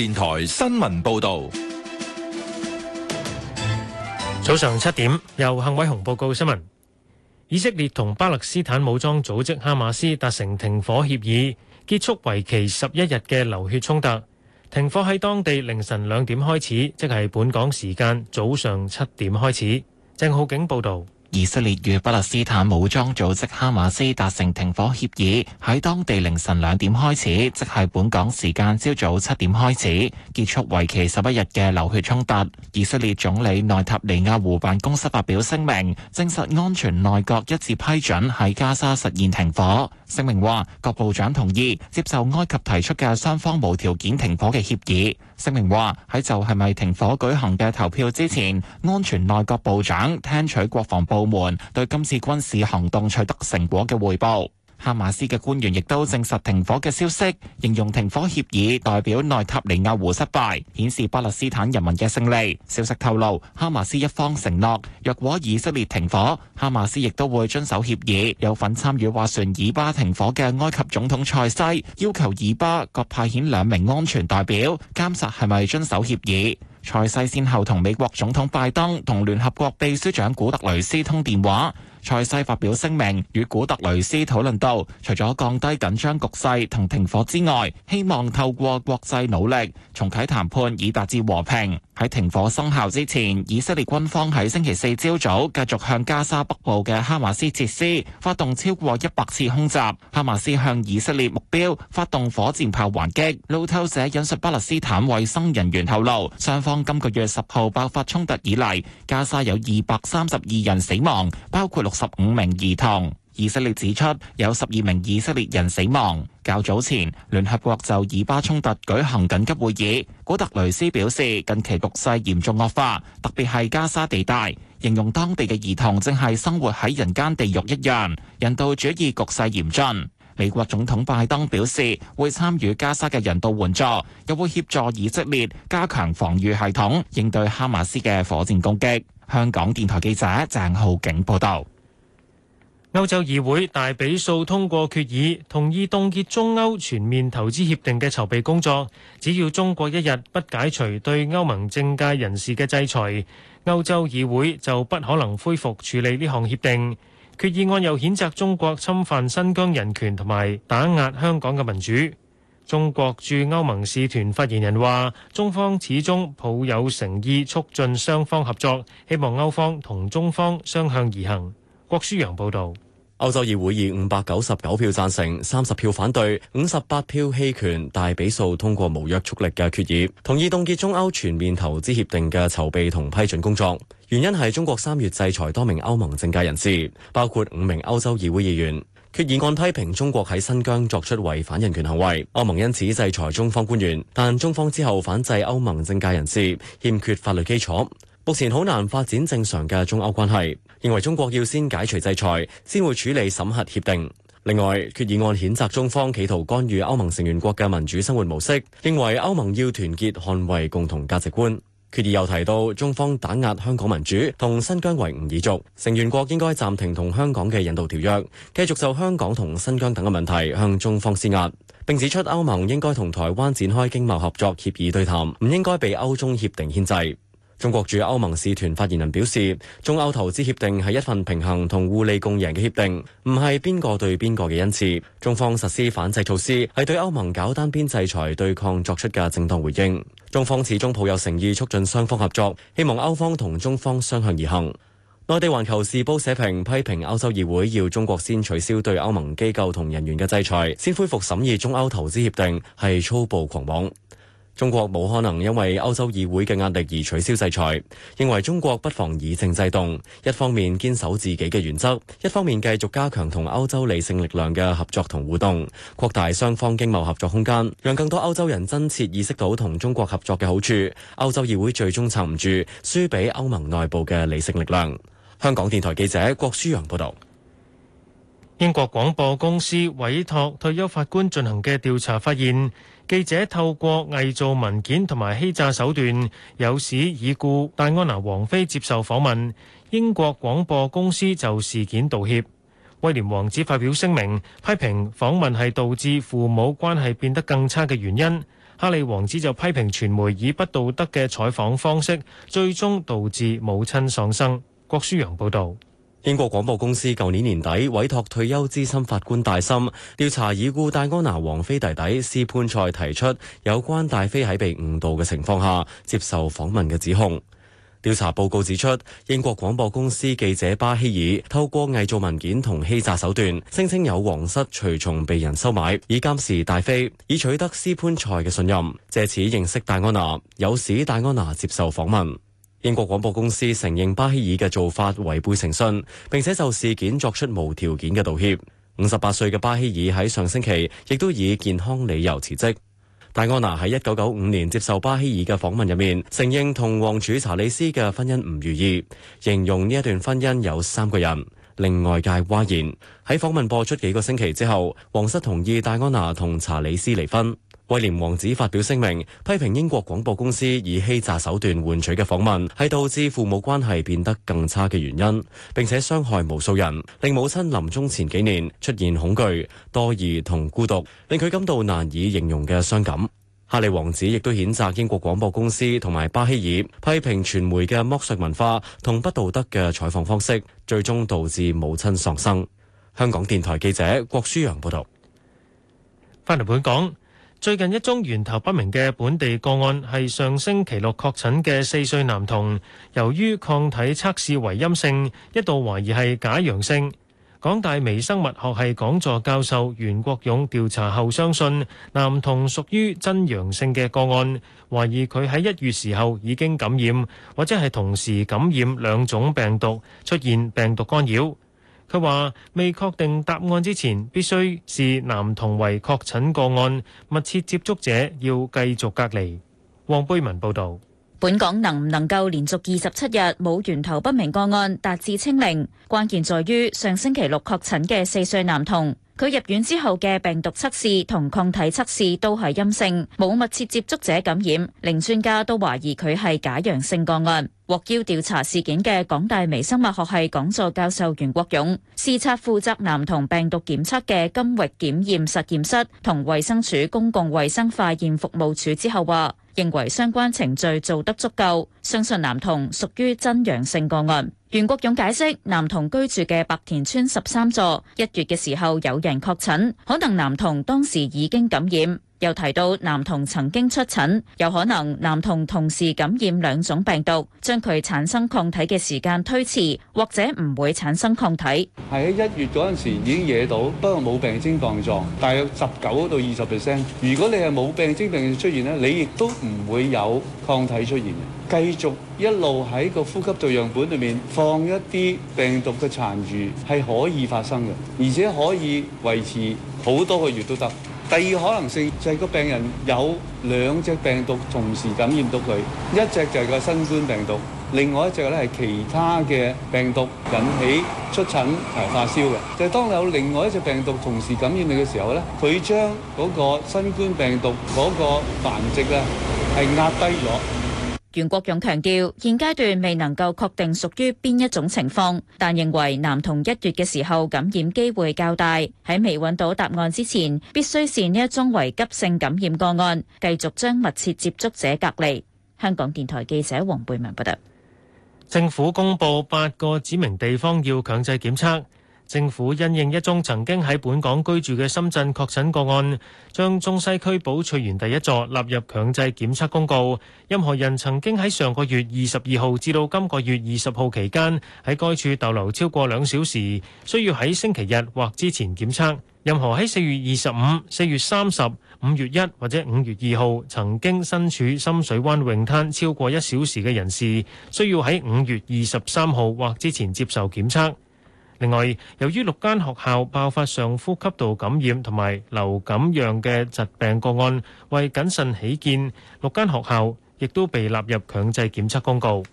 電台新聞報道：早上七點，由幸偉雄報告新聞。以色列同巴勒斯坦武裝組織哈馬斯達成停火協議，結束為期十一日嘅流血衝突。停火喺當地凌晨兩點開始，即係本港時間早上七點開始。鄭浩景報道。以色列與巴勒斯坦武裝組織哈馬斯達成停火協議，喺當地凌晨兩點開始，即係本港時間朝早七點開始，結束為期十一日嘅流血衝突。以色列總理內塔尼亞胡辦公室發表聲明，證實安全內閣一致批准喺加沙實現停火。聲明話，各部長同意接受埃及提出嘅雙方無條件停火嘅協議。聲明話，喺就係咪停火舉行嘅投票之前，安全內閣部長聽取國防部門對今次軍事行動取得成果嘅匯報。哈馬斯嘅官員亦都證實停火嘅消息，形容停火協議代表內塔尼亞胡失敗，顯示巴勒斯坦人民嘅勝利。消息透露，哈馬斯一方承諾，若果以色列停火，哈馬斯亦都會遵守協議。有份參與斡旋以巴停火嘅埃及總統塞西，要求以巴各派遣兩名安全代表，監察係咪遵守協議。塞西先後同美國總統拜登同聯合國秘書長古特雷斯通電話。塞西發表聲明，與古特雷斯討論到除咗降低緊張局勢同停火之外，希望透過國際努力重啟談判，以達至和平。喺停火生效之前，以色列軍方喺星期四朝早繼續向加沙北部嘅哈馬斯設施發動超過一百次空襲，哈馬斯向以色列目標發動火箭炮還擊。路透社引述巴勒斯坦衛生人員透露，雙方今個月十號爆發衝突以嚟，加沙有二百三十二人死亡，包括六十五名兒童。以色列指出有十二名以色列人死亡。較早前，聯合國就以巴衝突舉行緊急會議。古特雷斯表示，近期局勢嚴重惡化，特別係加沙地帶，形容當地嘅兒童正係生活喺人間地獄一樣，人道主義局勢嚴峻。美國總統拜登表示，會參與加沙嘅人道援助，又會協助以色列加強防禦系統，應對哈馬斯嘅火箭攻擊。香港電台記者鄭浩景報道。歐洲議會大比數通過決議，同意凍結中歐全面投資協定嘅籌備工作。只要中國一日不解除對歐盟政界人士嘅制裁，歐洲議會就不可能恢復處理呢項協定。決議案又譴責中國侵犯新疆人權同埋打壓香港嘅民主。中國駐歐盟使團發言人話：中方始終抱有誠意，促進雙方合作，希望歐方同中方相向而行。郭舒陽報道，歐洲議會以五百九十九票贊成、三十票反對、五十八票棄權大比數通過無約束力嘅決議，同意凍結中歐全面投資協定嘅籌備同批准工作。原因係中國三月制裁多名歐盟政界人士，包括五名歐洲議會議員，決議案批評中國喺新疆作出違反人權行為。歐盟因此制裁中方官員，但中方之後反制歐盟政界人士，欠缺法律基礎。目前好難發展正常嘅中歐關係，認為中國要先解除制裁，先會處理審核協定。另外，決議案譴責中方企圖干預歐盟成員國嘅民主生活模式，認為歐盟要團結捍衛共同價值觀。決議又提到中方打壓香港民主同新疆維吾爾族，成員國應該暫停同香港嘅引渡條約，繼續就香港同新疆等嘅問題向中方施壓，並指出歐盟應該同台灣展開經貿合作協議對談，唔應該被歐中協定牽制。中國駐歐盟使團發言人表示，中歐投資協定係一份平衡同互利共贏嘅協定，唔係邊個對邊個嘅恩賜。中方實施反制措施，係對歐盟搞單邊制裁對抗作出嘅正當回應。中方始終抱有誠意，促進雙方合作，希望歐方同中方相向而行。內地環球時報社評批評批評歐洲議會要中國先取消對歐盟機構同人員嘅制裁，先恢復審議中歐投資協定，係粗暴狂妄。中國冇可能因為歐洲議會嘅壓力而取消制裁，認為中國不妨以靜制動，一方面堅守自己嘅原則，一方面繼續加強同歐洲理性力量嘅合作同互動，擴大雙方經貿合作空間，讓更多歐洲人真切意識到同中國合作嘅好處。歐洲議會最終撐唔住，輸俾歐盟內部嘅理性力量。香港電台記者郭舒陽報道。英國廣播公司委託退休法官進行嘅調查發現，記者透過偽造文件同埋欺詐手段，誘使已故戴安娜王妃接受訪問。英國廣播公司就事件道歉。威廉王子發表聲明，批評訪問係導致父母關係變得更差嘅原因。哈利王子就批評傳媒以不道德嘅採訪方式，最終導致母親喪生。郭舒陽報導。英國廣播公司舊年年底委託退休資深法官戴森調查已故戴安娜王妃弟弟斯潘塞，提出有關戴妃喺被誤導嘅情況下接受訪問嘅指控。調查報告指出，英國廣播公司記者巴希爾透過偽造文件同欺詐手段，聲稱有皇室隨從被人收買以監視戴妃，以取得斯潘塞嘅信任，借此認識戴安娜，誘使戴安娜接受訪問。英國廣播公司承認巴希爾嘅做法違背誠信，並且就事件作出無條件嘅道歉。五十八歲嘅巴希爾喺上星期亦都以健康理由辭職。戴安娜喺一九九五年接受巴希爾嘅訪問入面，承認同王儲查理斯嘅婚姻唔如意，形容呢一段婚姻有三個人，令外界嘩然。喺訪問播出幾個星期之後，王室同意戴安娜同查理斯離婚。威廉王子發表聲明，批評英國廣播公司以欺詐手段換取嘅訪問，係導致父母關係變得更差嘅原因，並且傷害無數人，令母親臨終前幾年出現恐懼、多疑同孤獨，令佢感到難以形容嘅傷感。哈利王子亦都譴責英國廣播公司同埋巴希爾，批評傳媒嘅剝削文化同不道德嘅採訪方式，最終導致母親喪生。香港電台記者郭舒陽報道。翻嚟本港。最近一宗源頭不明嘅本地個案係上星期六確診嘅四歲男童，由於抗體測試為陰性，一度懷疑係假陽性。港大微生物學系講座教授袁國勇調查後相信，男童屬於真陽性嘅個案，懷疑佢喺一月時候已經感染，或者係同時感染兩種病毒，出現病毒干擾。佢話：未確定答案之前，必須視男童為確診個案，密切接觸者要繼續隔離。黃貝文報導，本港能唔能夠連續二十七日冇源頭不明個案達至清零，關鍵在於上星期六確診嘅四歲男童。佢入院之後嘅病毒測試同抗體測試都係陰性，冇密切接觸者感染，令專家都懷疑佢係假陽性個案。獲邀調查事件嘅港大微生物學系講座教授袁國勇，視察負責男童病毒檢測嘅金域檢驗實驗室同衛生署公共衛生化驗服務處之後話。認為相關程序做得足夠，相信男童屬於真陽性個案。袁國勇解釋，男童居住嘅白田村十三座，一月嘅時候有人確診，可能男童當時已經感染。又提到男童曾經出診，有可能男童同時感染兩種病毒，將佢產生抗體嘅時間推遲，或者唔會產生抗體。係喺一月嗰陣時已經惹到，不過冇病徵狀況，大約十九到二十 percent。如果你係冇病徵病例出現咧，你亦都唔會有抗體出現。繼續一路喺個呼吸道樣本裏面放一啲病毒嘅殘餘，係可以發生嘅，而且可以維持好多個月都得。第二可能性就係個病人有兩隻病毒同時感染到佢，一隻就係個新冠病毒，另外一隻咧係其他嘅病毒引起出疹誒發燒嘅。就係當有另外一隻病毒同時感染你嘅時候咧，佢將嗰個新冠病毒嗰個繁殖咧係壓低咗。袁國勇強調，現階段未能夠確定屬於邊一種情況，但認為男童一月嘅時候感染機會較大。喺未揾到答案之前，必須視呢一宗為急性感染個案，繼續將密切接觸者隔離。香港電台記者黃貝文報道。政府公布八個指明地方要強制檢測。政府因應一宗曾經喺本港居住嘅深圳確診個案，將中西區寶翠園第一座納入強制檢測公告。任何人曾經喺上個月二十二號至到今個月二十號期間喺該處逗留超過兩小時，需要喺星期日或之前檢測。任何喺四月二十五、四月三十、五月一或者五月二號曾經身處深水灣泳灘超過一小時嘅人士，需要喺五月二十三號或之前接受檢測。另外，由於六間學校爆發上呼吸道感染同埋流感樣嘅疾病個案，為謹慎起見，六間學校亦都被納入強制檢測公告。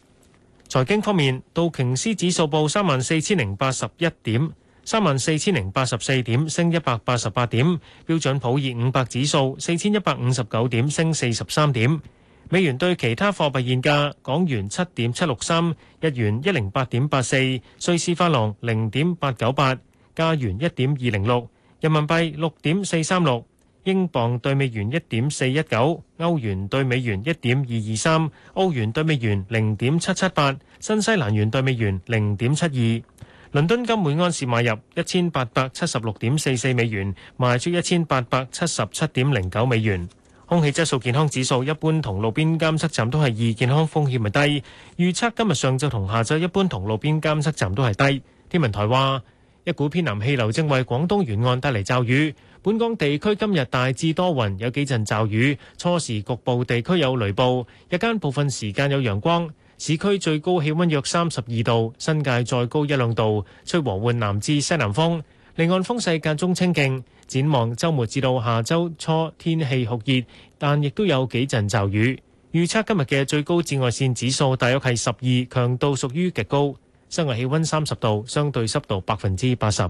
財經方面，道瓊斯指數報三萬四千零八十一點，三萬四千零八十四點，升一百八十八點；標準普爾五百指數四千一百五十九點，升四十三點。美元兌其他貨幣現價：港元七點七六三，日元一零八點八四，瑞士法郎零點八九八，加元一點二零六，人民幣六點四三六，英鎊對美元一點四一九，歐元對美元一點二二三，澳元對美元零點七七八，新西蘭元對美元零點七二。倫敦金每安士買入一千八百七十六點四四美元，賣出一千八百七十七點零九美元。空氣質素健康指數一般同路邊監測站都係二，健康風險係低，預測今日上晝同下晝一般同路邊監測站都係低。天文台話，一股偏南氣流正為廣東沿岸帶嚟驟雨，本港地區今日大致多雲，有幾陣驟雨，初時局部地區有雷暴，日間部分時間有陽光。市區最高氣温約三十二度，新界再高一兩度。吹和緩南至西南風。離岸風勢間中清勁，展望周末至到下周初天氣酷熱，但亦都有幾陣驟雨。預測今日嘅最高紫外綫指數大約係十二，強度屬於極高。室外氣溫三十度，相對濕度百分之八十。